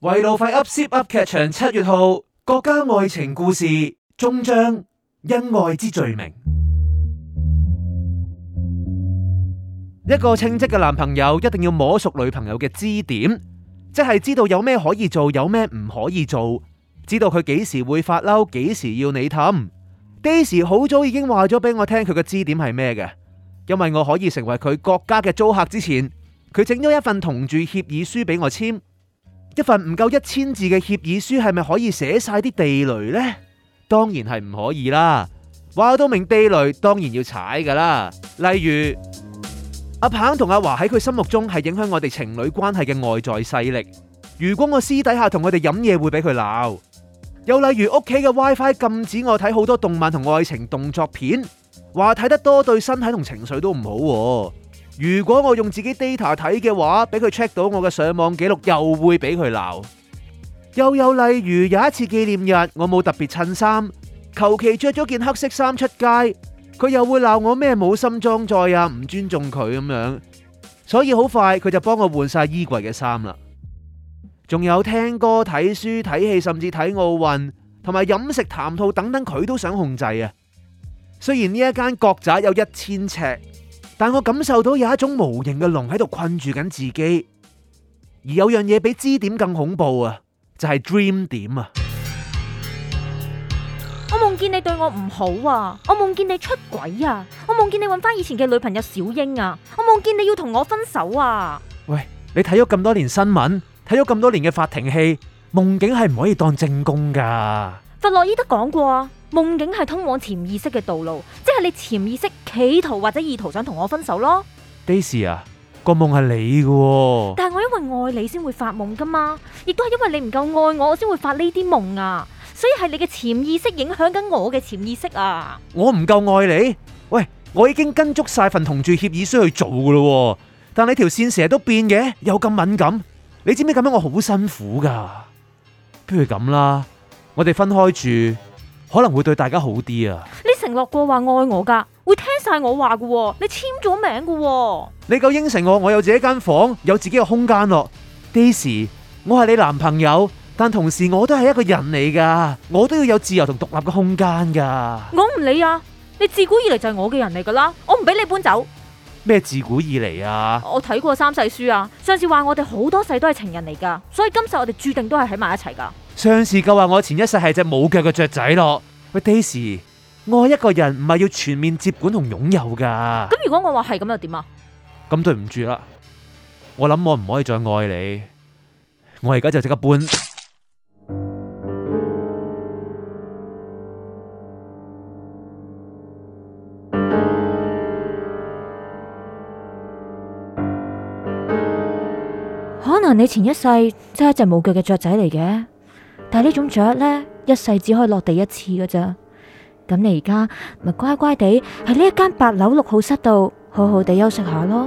維路快 up，Zip up 劇 up 場七月號《國家愛情故事》終章《因愛之罪名》。 一個稱職嘅男朋友一定要摸熟女朋友嘅支點，即係知道有咩可以做，有咩唔可以做，知道佢幾時會發嬲，幾時要你氹。Daisy 好早已經話咗俾我聽佢嘅支點係咩嘅。因為我可以成為佢國家嘅租客之前，佢整咗一份同住協議書俾我簽。一份唔夠一千字嘅協議書係咪可以寫晒啲地雷呢？當然係唔可以啦。話到明地雷，當然要踩噶啦。例如阿鵬同阿華喺佢心目中係影響我哋情侶關係嘅外在勢力。如果我私底下同佢哋飲嘢會俾佢鬧。又例如屋企嘅 WiFi 禁止我睇好多動漫同愛情動作片，話睇得多對身體同情緒都唔好喎。如果我用自己 data 睇嘅話，俾佢 check 到我嘅上網記錄，又會俾佢鬧。又有例如有一次紀念日，我冇特別襯衫，求其着咗件黑色衫出街，佢又會鬧我咩冇心裝載啊，唔尊重佢咁樣。所以好快佢就幫我換晒衣櫃嘅衫啦。仲有聽歌、睇書、睇戲，甚至睇奧運同埋飲食、談吐等等，佢都想控制啊。雖然呢一間國宅有一千尺。但我感受到有一種無形嘅籠喺度困住緊自己，而有樣嘢比 G 點更恐怖啊，就係、是、dream 點啊！我夢見你對我唔好啊，我夢見你出軌啊，我夢見你搵返以前嘅女朋友小英啊，我夢見你要同我分手啊！喂，你睇咗咁多年新聞，睇咗咁多年嘅法庭戲，夢境係唔可以當證供㗎。弗洛伊德講過。夢境係通往潛意識嘅道路，即係你潛意識企圖或者意圖想同我分手咯。Daisy 啊，個夢係你嘅，哦，但係我因為愛你先會發夢噶嘛，亦都係因為你唔夠愛我，我先會發呢啲夢啊。所以係你嘅潛意識影響緊我嘅潛意識啊。我唔夠愛你？喂，我已經跟足晒份同住協議書去做噶啦，哦，但你條線成日都變嘅，又咁敏感，你知唔知咁樣我好辛苦噶？不如咁啦，我哋分開住。可能會對大家好啲啊！你承諾過話愛我噶，會聽晒我話噶，你簽咗名噶。你夠應承我，我有自己間房，有自己個空間咯。Daisy，我係你男朋友，但同時我都係一個人嚟噶，我都要有自由同獨立嘅空間噶。我唔理啊！你自古以嚟就係我嘅人嚟噶啦，我唔俾你搬走。咩自古以嚟啊？我睇過三世書啊，上次話我哋好多世都係情人嚟噶，所以今世我哋注定都係喺埋一齊噶。上次就話，我前一世係隻冇腳嘅雀仔咯。喂，Daisy，愛一個人唔係要全面接管同擁有噶。咁如果我話係咁又點啊？咁對唔住啦，我諗我唔可以再愛你，我而家就即刻搬。可能你前一世真係一隻冇腳嘅雀仔嚟嘅。但係呢種雀咧，一世只可以落地一次噶啫。咁你而家咪乖乖地喺呢一間八樓六號室度，好好地休息下咯。